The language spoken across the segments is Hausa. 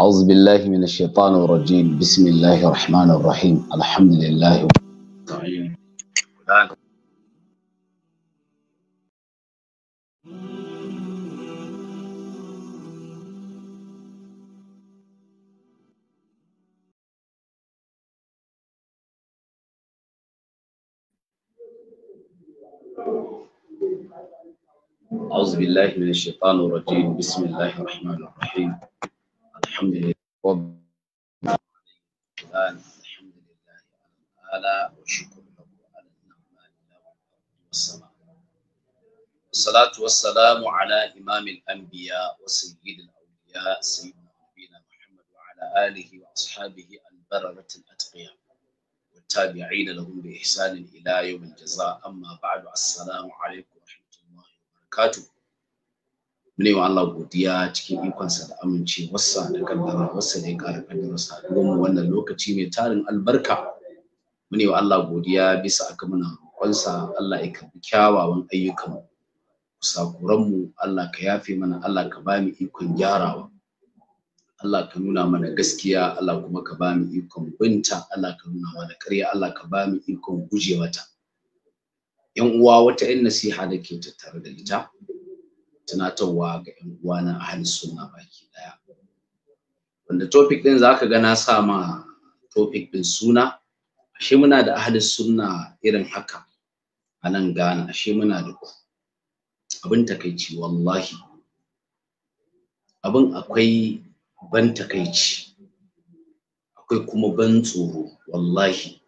أعوذ بالله من الشيطان الرجيم بسم الله الرحمن الرحيم الحمد لله أعوذ بالله من الشيطان الرجيم بسم الله الرحمن الرحيم الحمد لله الحمد لله على الآلاء وشكر له على النعمان والسماء والصلاة والسلام على إمام الأنبياء وسيد الأولياء سيدنا نبينا محمد وعلى آله وأصحابه البررة الأتقياء والتابعين لهم بإحسان إلى يوم الجزاء أما بعد السلام عليكم ورحمة الله وبركاته mune wa Allah godiya cikin ikonsa da amincewarsa da kaddara wasa ne kare kaddara saduwar mu wannan lokaci mai tarin albarka mune wa Allah godiya bisa aka muna roƙonsa Allah ya karbi kyawawan ayyukan mu sakuran mu Allah ka yafe mana Allah ka ba mu ikon gyarawa Allah ka nuna mana gaskiya Allah kuma ka ba mu ikon binta Allah ka nuna mana ƙarya Allah ka ba mu ikon gujewata. ta yan uwa wata yan nasiha da ke tattare da ita tunatarwa ga yan uwa na ahli sunna baki daya wanda topic din zaka ga na sa ma topic din suna ashe muna da ahli sunna irin haka a nan gana ashe muna da ku abin takaici wallahi abin akwai ban takaici akwai kuma ban tsoro wallahi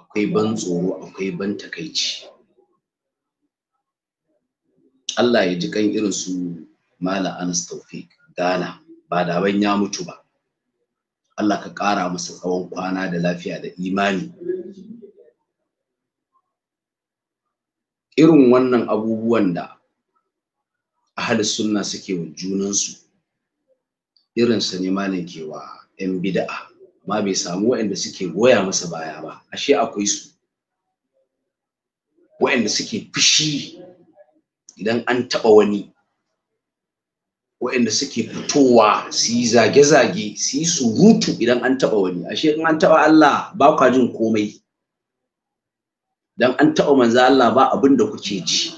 akwai ban tsoro akwai ban takaici Allah ya ji kan irin su Malam Anas Taufik Ghana ba da ban ya mutu ba Allah ka ƙara masa tsawon kwana da lafiya da imani irin wannan abubuwan da ahli sunna suke wa junansu irin sa ne malam ke wa 'yan bid'a ma bai samu waɗanda suke goya masa baya ba ashe akwai su waɗanda suke fushi idan an taba wani waɗanda suke fitowa su yi zage-zage su yi surutu idan an taba wani ashe in an taba Allah ba kwa jin komai dan an taba manzo Allah ba abin da kuke ji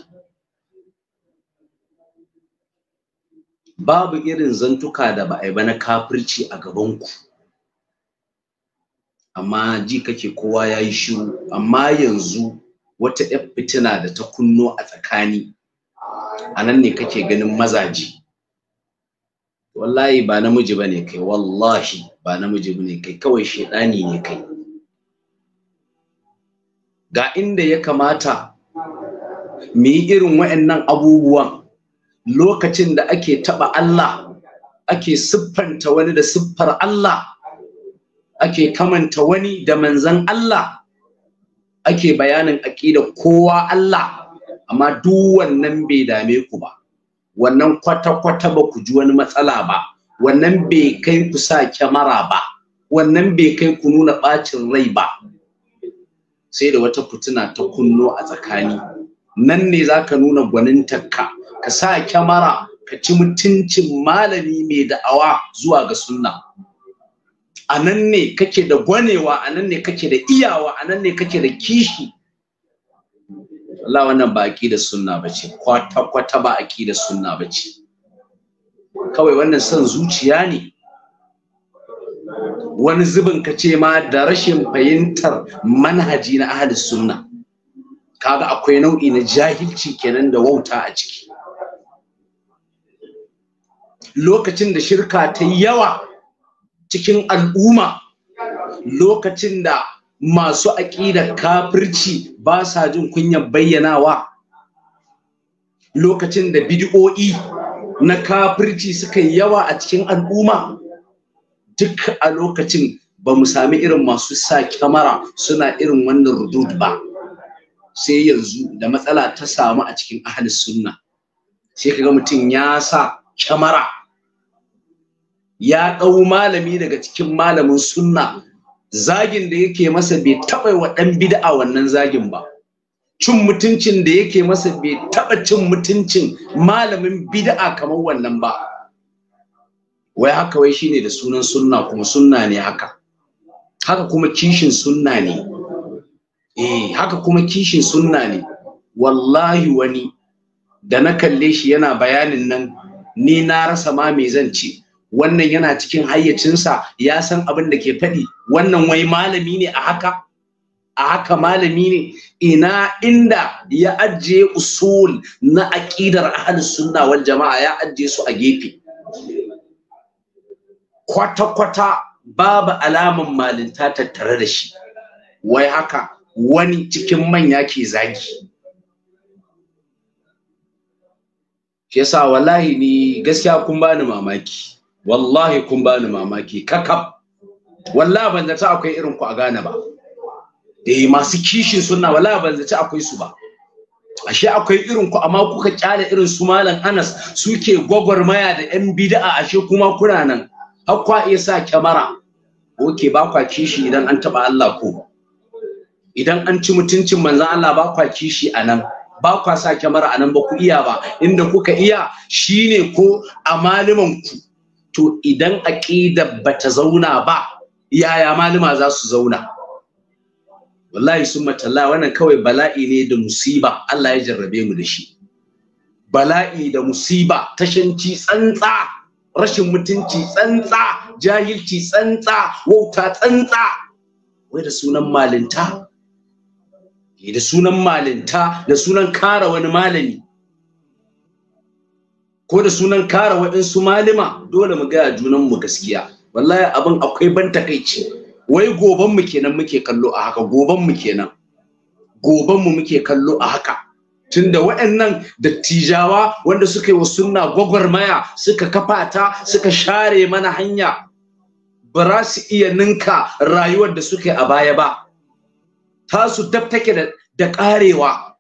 babu irin zantuka da ba a yi ba na kafirci a gabanku amma ji kake kowa ya yi shiru amma yanzu wata 'yar fitina da ta kunno a tsakani a nan ne kake ganin mazaji wallahi ba namiji ba ne kai wallahi ba namiji ba ne kai kawai shaidani ne kai ga inda ya kamata mu yi irin wa'annan abubuwan lokacin da ake taɓa Allah ake siffanta wani da siffar Allah ake kamanta wani da manzan Allah ake bayanin aƙidar kowa Allah amma duk wannan bai dame ku ba wannan kwata-kwata ba ku ji wani matsala ba wannan bai kai ku sa kyamara ba wannan bai kai ku nuna ɓacin rai ba sai da wata fitina ta kunno a tsakani nan ne za ka nuna gwanintarka ka sa kyamara ka ci mutuncin malami mai da'awa zuwa ga sunna a nan ne kake da gwanewa a nan ne kake da iyawa a nan ne kake da kishi Allah wannan ba aqidar sunna bace kwata kwata ba aqidar sunna bace kawai wannan son zuciya ne wani zubin ka ce ma da rashin fahimtar manhaji na ahli sunna kaga akwai nau'i na jahilci kenan da wauta a ciki lokacin da shirka ta yawa cikin al'umma lokacin da masu aƙidar kafirci ba sa jin kunyar bayyanawa lokacin da bidi'o'i na kafirci suka yi yawa a cikin al'umma duk a lokacin ba mu sami irin masu sa kyamara suna irin wannan rudud ba sai yanzu da matsala ta samu a cikin ahalis sunna sai kaga mutum ya sa kyamara ya ɗau malami daga cikin malamin sunna zagin da yake masa bai taɓa wa ɗan bid'a wannan zagin ba cin mutuncin da yake masa bai taɓa cin mutuncin malamin bid'a kamar wannan ba wai haka wai shine da sunan sunna kuma sunna ne haka haka kuma kishin sunna ne eh haka kuma kishin sunna ne wallahi wani da na kalle shi yana bayanin nan ni na rasa ma me zan ce wannan yana cikin hayyacinsa ya san abin da ke faɗi wannan wai malami ne a haka a haka malami ne ina inda ya ajiye usul na aƙidar ahlus sunna wal jama'a ya ajiye su a gefe kwata-kwata babu alaman malinta tattare da shi wai haka wani cikin manya ke zagi yasa wallahi ni gaskiya kun bani mamaki wallahi kun bani mamaki kakab wallahi ban zata akwai irin ku a Ghana ba eh masu kishin sunna wallahi ban zata akwai su ba ashe akwai irin ku amma kuka kyale irin su malam Anas suke gwagwarmaya da yan bid'a ashe kuma kuna nan har kwa iya sa kyamara oke ba kwa kishi idan an taba Allah ko idan an ci mutuncin manzon Allah ba kwa kishi a nan ba kwa sa kyamara a nan ba ku iya ba inda kuka iya shine ko a malaman ku to idan ba bata zauna ba yaya malama za su zauna wallahi sun matalla wannan kawai bala'i ne da musiba Allah ya jarrabe mu da shi bala'i da musiba tashanci tsantsa rashin mutunci tsantsa jahilci tsantsa wauta tsantsa wai da sunan malinta eh, da sunan malinta da sunan kara wani malami ko da sunan kare waɗansu malima dole mu gaya junan mu gaskiya wallahi abin akwai ban takaici wai goban mu kenan muke kallo a haka goban mu kenan goban mu muke kallo a haka tunda waɗannan dattijawa wanda suka yi wa sunna gwagwarmaya suka kafa ta suka share mana hanya ba za su iya ninka rayuwar da suka a baya ba tasu su da karewa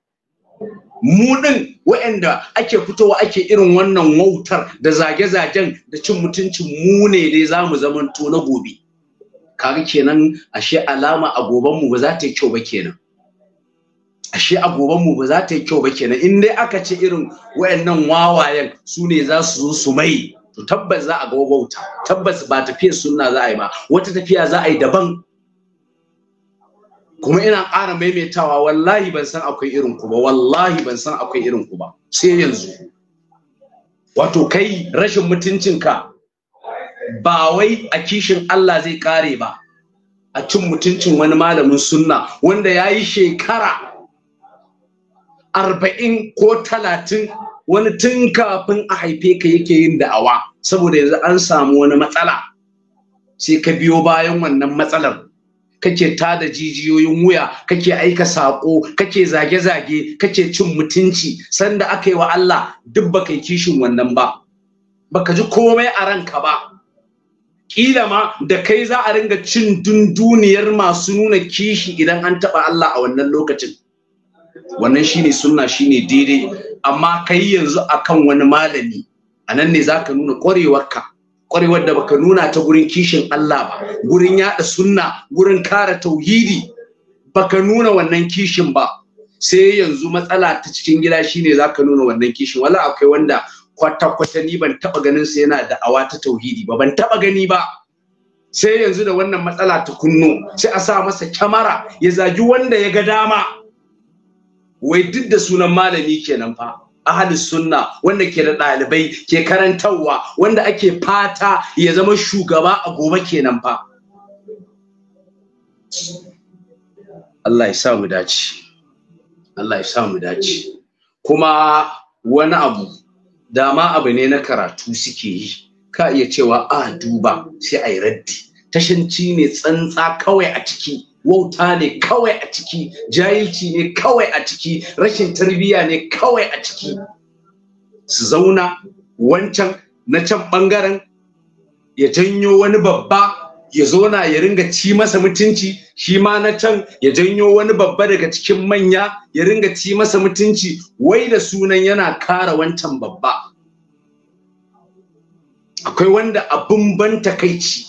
mu din waɗanda ake fitowa ake irin wannan wautar da zage-zagen da cin mutuncin mu ne dai za mu zamanto na gobe kaga kenan ashe alama a goban mu ba za ta yi kyau ba kenan ashe a goban mu ba za ta yi kyau ba kenan in dai aka ce irin wayannan wawayen su ne za su zo su mai to tabbas za a ga wauta tabbas ba tafiyar sunna za a yi ba wata tafiya za a yi daban kuma ina ƙara maimaitawa wallahi ban san akwai irin ku ba wallahi ban san akwai irin ku ba sai yanzu wato kai rashin mutuncinka ba wai a kishin Allah zai kare ba a cin mutuncin wani malamin sunna wanda ya yi shekara arba'in ko talatin wani tun kafin a haife ka yake yin da'awa saboda yanzu an samu wani matsala sai ka biyo bayan wannan matsalar kake tada jijiyoyin wuya kake aika sako kake zage-zage kake cin mutunci sanda aka yi wa Allah duk baka yi kishin wannan ba baka ji komai a ranka ba kila ma da kai za a ringa cin dunduniyar masu nuna kishi idan an taba Allah a wannan lokacin wannan shine sunna shine daidai amma kai yanzu akan wani malami anan ne zaka nuna ƙwarewarka Kwarai wadda baka nuna ta gurin kishin Allah ba gurin yada sunna gurin kare tauhidi baka nuna wannan kishin ba sai yanzu matsala ta cikin gida shine zaka nuna wannan kishin wala akwai wanda kwata kwata ni ban taba ganin sa yana da awa ta tauhidi ba ban taba gani ba sai yanzu da wannan matsala ta kunno sai a sa masa kyamara ya zagi wanda ya ga dama wai duk da sunan malami kenan fa ahli sunna wanda ke da ɗalibai ke karantarwa wanda ake fata ya zama shugaba a gobe kenan fa Allah ya sa mu dace Allah ya sa mu dace kuma wani abu dama abu ne na karatu suke yi ka iya cewa a duba sai a yi raddi tashanci ne tsantsa kawai a ciki wauta ne kawai a ciki jahilci ne kawai a ciki rashin tarbiyya ne kawai a ciki su zauna wancan na can bangaren ya janyo wani babba ya zona ya ringa ci masa mutunci shi ma na can ya janyo wani babba daga cikin manya ya ringa ci masa mutunci wai da sunan yana kara wancan babba akwai wanda abin ban takaici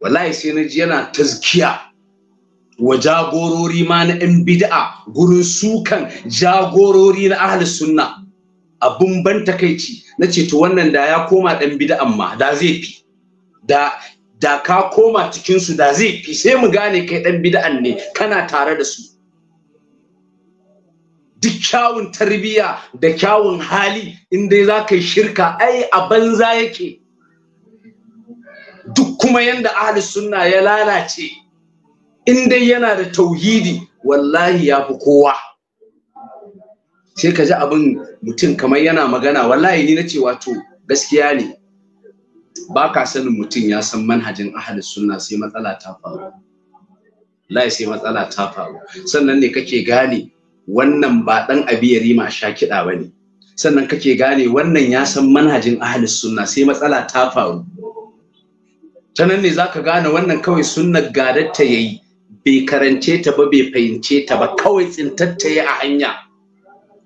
wallahi sai na ji yana tazkiya wa jagorori ma na 'yan bid'a gurin sukan jagorori na ahli sunna abun ban takaici na ce to wannan da ya koma ɗan bid'an ma da zai fi da ka koma cikinsu su da zai fi sai mu gane kai ɗan bid'an ne kana tare da su duk kyawun tarbiyya da kyawun hali in dai za ka yi shirka ai a banza yake duk kuma yanda ahli sunna ya lalace in dai yana da tauhidi wallahi ya fi kowa sai ka ji abin mutum kamar yana magana wallahi ni na ce wato gaskiya ne ba ka sanin mutum ya san manhajin ahli sunna sai matsala ta faru wallahi sai matsala ta faru sannan ne kake gane wannan ba dan abiyari ma sha kiɗa ba ne sannan kake gane wannan ya san manhajin ahli sunna sai matsala ta faru ta nan ne zaka gane wannan kawai sunnar gadar ta yayi bai karance ta ba bai fahimce ta ba kawai tsintattaye a hanya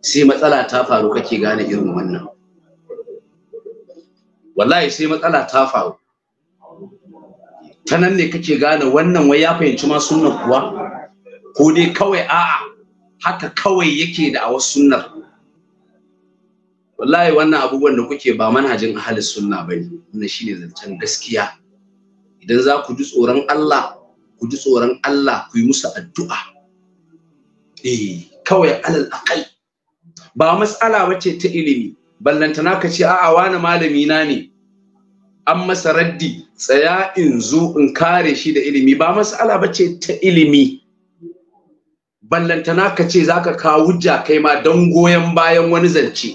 sai matsala ta faru kake gane irin wannan wallahi sai matsala ta faru ta nan ne kake gane wannan wai ya fahimci ma sunnar kuwa ko dai kawai a'a haka kawai yake da a wasu sunnar wallahi wannan abubuwan da kuke ba manhajin ahalis sunna bane wannan shine zancen gaskiya idan za ku ji tsoron Allah ku ji tsoron Allah ku yi musu addu'a eh kawai alal aqai ba mas'ala wace ta ilimi ballantana ka ce a'a wani malami na ne an masa raddi tsaya in zo in kare shi da ilimi ba mas'ala bace ta ilimi ballantana ka ce zaka kawo hujja kai ma dan goyon bayan wani zance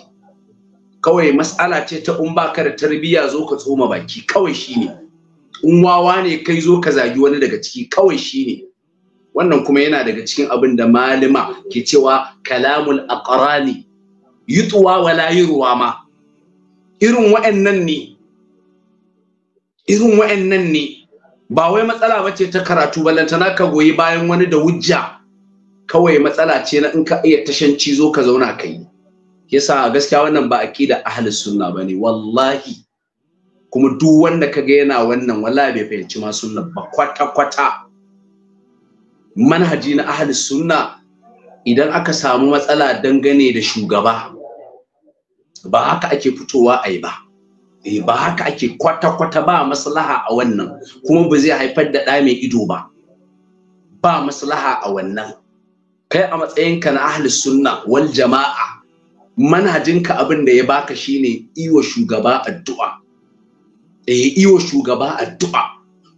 kawai mas'ala ce ta in ka da tarbiyya zo ka tsoma baki kawai shine in wawa ne kai zo ka zagi wani daga ciki kawai shi wannan kuma yana daga cikin abin da malima ke cewa kalamul aqrani yutuwa wala yurwa ma irin wa'annan ne irin wa'annan ne ba wai matsala bace ta karatu ballantana ka goyi bayan wani da wujja? kawai matsala ce na in ka iya tashan cizo ka zauna kai yasa gaskiya wannan ba aqida ahlus sunna bane wallahi kuma duk wanda kaga yana wannan wallahi bai fahimci ma sunna ba kwata kwata manhaji na ahli sunna idan aka samu matsala dangane da shugaba ba haka ake fitowa a yi ba eh, ba haka ake kwata-kwata ba maslaha a wannan kuma ba zai haifar da ɗa mai ido ba ba maslaha a wannan kai a matsayinka na ahli sunna wal jama'a manhajinka abin da ya baka shine iwa shugaba addu'a Da yi wa shugaba addu'a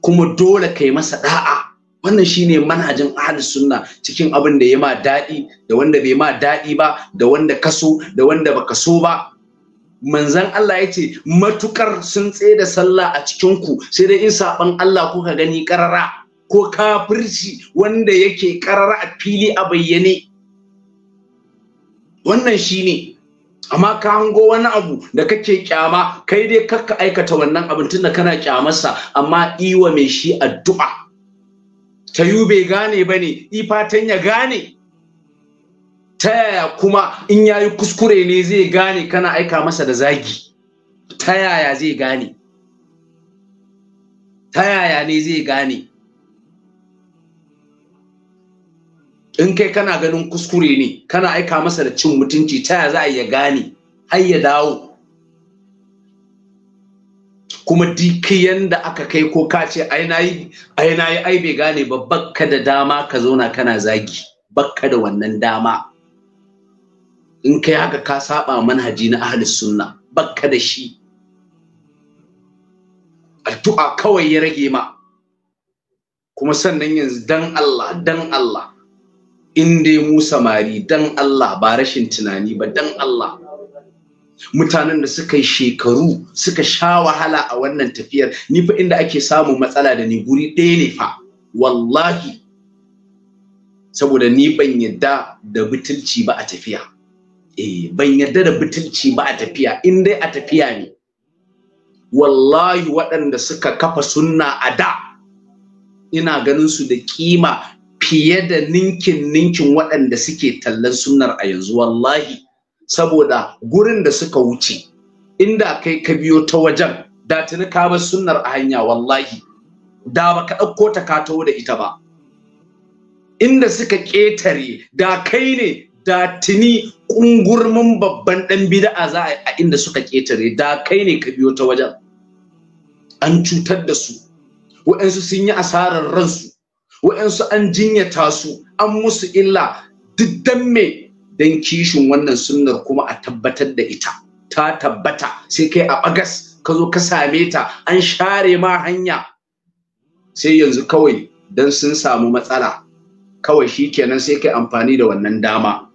kuma dole ka yi masa da'a wannan shine manhajin ahli sunna cikin abin da ya ma daɗi da wanda bai ma daɗi ba da wanda kaso da wanda baka so ba manzan Allah yace ce matukar sun tsaye da sallah a cikin ku sai dai in saban Allah kuka gani karara ko kafirci wanda yake karara a fili a bayyane wannan shine amma ka hango wani abu da kake kyama kai dai kakka aikata wannan abin tunda kana kyamarsa amma iwa mai shi addu'a ta yu bai gane ba ne ifatan ya gane ta yaya kuma in ya yi kuskure ne zai gane kana aika masa da zagi ta yaya zai gane ta yaya ne zai gane in kai kana ganin kuskure ne kana aika masa da cin mutunci ta za a ya gane har ya dawo kuma duk yanda aka kai ko ka ce ai nayi ai ai bai gane ba bakka da dama ka zauna kana zagi bakka da wannan dama in kai haka ka saba manhaji na ahli sunna bakka da shi addu'a kawai ya rage ma kuma sannan yanzu dan Allah dan Allah in dai mu samari dan Allah ba rashin tunani ba dan Allah mutanen da suka yi shekaru suka sha wahala a wannan tafiyar ni fa inda ake samun matsala da ni guri ɗaya ne fa wallahi saboda ni ban yadda da butulci ba a tafiya eh ban yadda da butulci ba a tafiya in dai a tafiya ne wallahi waɗanda suka kafa sunna a da ina ganin su da kima fiye da ninkin ninkin waɗanda suke tallan sunnar a yanzu wallahi saboda gurin da suka wuce inda kai ka biyo ta wajen da tuni ka bar sunnar a hanya wallahi da baka ɗauko ta ka taho da ita ba inda suka ƙetare da kai ne da tuni ƙungurmin babban ɗan bida'a za a inda suka ƙetare da kai ne ka biyo ta wajen an cutar da su waɗansu sun yi asarar ransu wa'ansu an jinyata su an musu illa duk me dan kishin wannan sunnar kuma a tabbatar da ita ta tabbata sai kai a bagas ka zo ka same ta an share ma hanya sai yanzu kawai dan sun samu matsala kawai shikenan sai kai amfani da wannan dama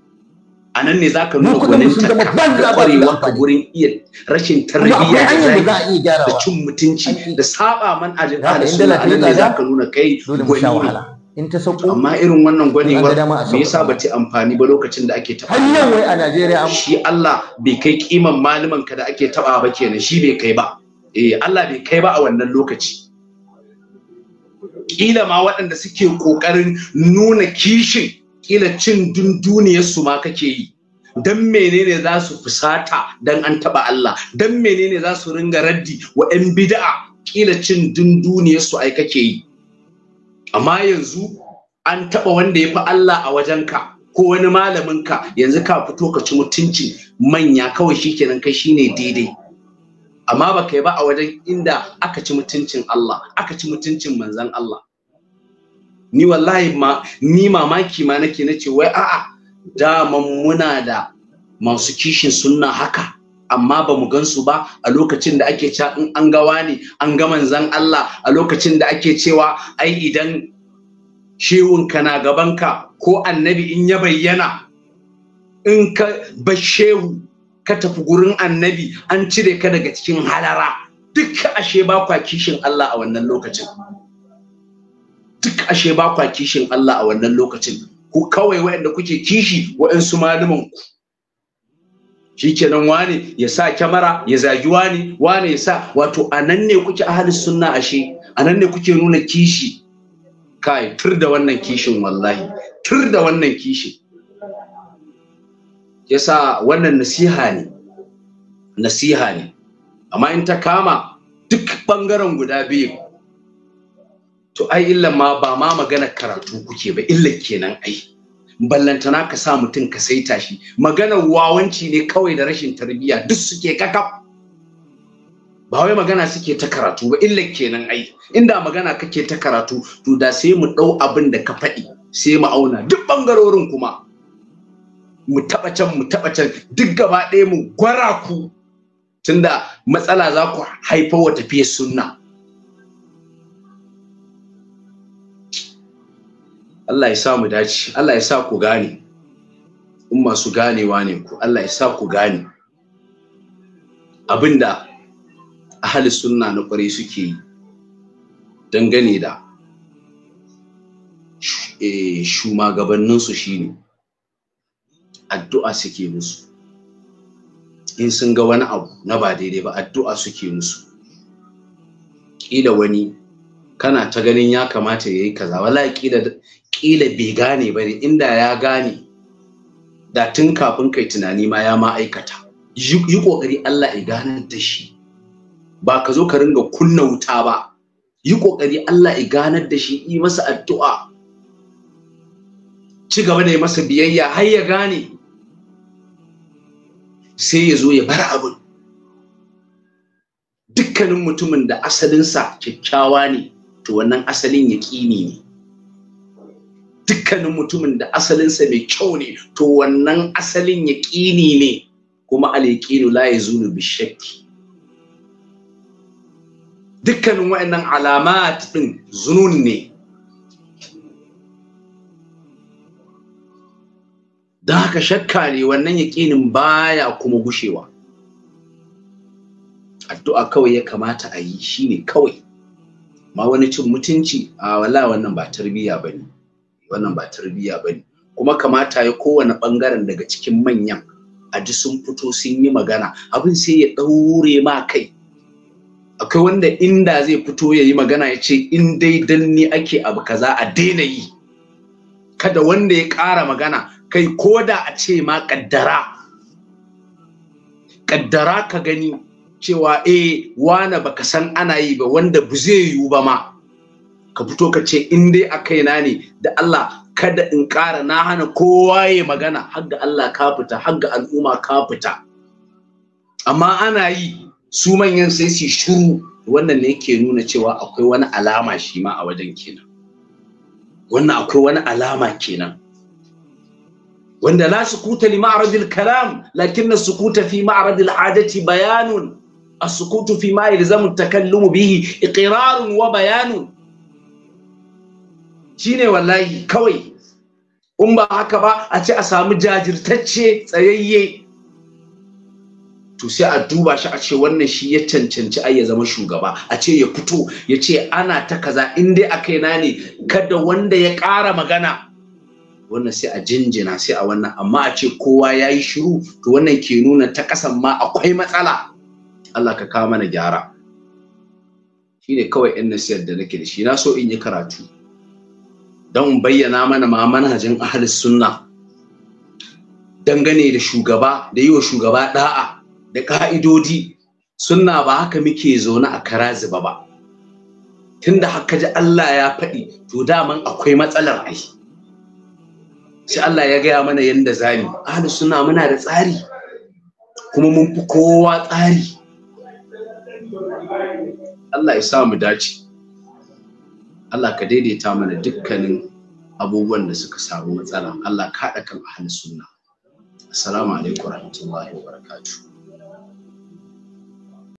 a nan ne zaka nuna gwaninta da kwarewar ka gurin iya rashin tarbiyya da da cin mutunci da saba man ajin ahli su a nan ne zaka nuna kai gwani in ta sauko amma irin wannan gwanewar me yasa ba ta amfani ba lokacin da ake taba hanyar wai a Najeriya shi Allah bai kai kiman malaman ka da ake taba ba kenan shi bai kai ba eh Allah bai kai ba a wannan lokaci kila ma waɗanda suke ƙoƙarin nuna kishin kila cin dunduniyar su ma kake yi dan menene za su fusata dan an taba Allah dan menene za su ringa raddi wa 'yan bid'a kila cin dunduniyar su ai kake yi amma yanzu an taba wanda ya fi Allah a wajenka ko wani malaminka yanzu ka fito ka ci mutunci manya kawai shikenan kai shine daidai amma baka yi ba a wajen inda aka ci mutuncin Allah aka ci mutuncin manzon Allah ni wallahi ma ni mamaki ma nake nace wai a'a daman muna da masu kishin sunna haka amma ba mu gansu ba a lokacin da ake cewa in an gawa ne an ga manzan Allah a lokacin da ake cewa ai idan ka na gaban ka, ko annabi in ya bayyana in ka bashehu ka tafi gurin annabi an cire ka daga cikin halara duk ashe ba kwa kishin Allah a wannan lokacin duk ashe ba kwa kishin Allah a wannan lokacin ku kawai waɗanda kuke kishi waɗansu malaman ku shikenan wane ya sa kyamara ya zagi wane wane ya sa wato a nan ne kuke ahalis sunna ashe a nan ne kuke nuna kishi kai tur da wannan kishin wallahi tur da wannan kishin yasa wannan nasiha ne nasiha ne amma in ta kama duk bangaren guda biyu to ai illa ma ba ma magana karatu kuke ba illa kenan ai ballantana ka sa mutum ka saita shi maganar wawanci ne kawai da rashin tarbiyya duk suke kakaf ba wai magana suke ta karatu ba illa kenan ai inda magana kake ta karatu to da sai mu dau abin da ka faɗi sai mu auna duk bangarorin kuma mu taɓa can mu taɓa can duk gaba ɗaya mu gwara ku tunda matsala za ku haifa wa tafiyar sunna Allah ya sa mu dace Allah ya sa ku gane in masu ganewa ne ku Allah ya sa ku gane abinda ahli sunna na kwarai suke yi dangane da eh, shumagabanninsu shine addu'a suke musu in sun ga wani abu na ba daidai ba addu'a suke musu ƙila wani kana ta ganin ya kamata ya yi kaza wala ƙila kila bai gane ba ne inda ya gane da tun kafin kai tunani ma ya ma aikata yi kokari Allah ya gane da shi ba ka zo ka ringa kunna wuta ba yi kokari Allah ya ganar da shi yi masa addu'a ci gaba da yi masa biyayya har ya gane sai ya zo ya bar abin dukkanin mutumin da asalinsa kyakkyawa ne to wannan asalin yaƙini ne dukkanin mutumin da asalinsa mai kyau ne to wannan asalin yaƙini ne kuma alaƙinu la ya zunu bishakki dukkanin wa'annan alamat ɗin zunun ne don haka shakka ne wannan yaƙinin baya kuma gushewa addu'a kawai ya kamata a yi shine kawai ma wani cin mutunci a wala wannan ba tarbiyya ba ne wannan ba tarbiyya bane kuma kamata ya kowane bangaren daga cikin manyan a ji sun fito sun yi magana abin sai ya ɗaure ma kai akwai wanda inda zai fito ya yi magana ya ce in dai dan ni ake abu kaza a daina yi kada wanda ya ƙara magana kai ko da a ce ma ƙaddara ƙaddara ka gani cewa eh wane baka san ana yi ba wanda bu zai yiwu ba ma ka fito ka ce in dai a kaina ne da Allah kada in ƙara na hana kowa ya magana har ga Allah ka fita har ga al'umma ka fita amma ana yi su manyan sai su shiru wannan ne yake nuna cewa akwai wani alama shi ma a wajen kenan wannan akwai wani alama kenan wanda la sukuta li ma'radil kalam lakin na sukuta fi ma'radil hajati bayanun as-sukutu fi ma yalzamu at bihi iqrarun wa bayanun shine wallahi kawai in ba haka ba a ce a samu jajirtacce tsayayye to sai a duba shi a ce wannan shi ya cancanci ai ya zama shugaba a ce ya fito ya ce ana ta kaza in dai a na ne kada wanda ya ƙara magana wannan sai a jinjina sai a wannan amma a ce kowa ya yi shiru to wannan ke nuna ta kasan ma akwai matsala Allah ka kawo mana gyara shine kawai na nasiyar da nake da shi na so in yi karatu don bayyana mana ma manhajin ahalis sunna dangane da shugaba da yi wa shugaba da'a da ka'idodi sunna ba haka muke zaune a karazi ba ba tunda haka ji Allah ya faɗi to daman akwai matsalar ai sai Allah ya gaya mana yadda zani ahalis sunna muna da tsari kuma mun fi kowa tsari Allah ya sa mu dace Allah ka daidaita mana dukkanin abubuwan da suka samu matsala Allah ka haɗa kan ahli sunna assalamu alaikum warahmatullahi wabarakatuh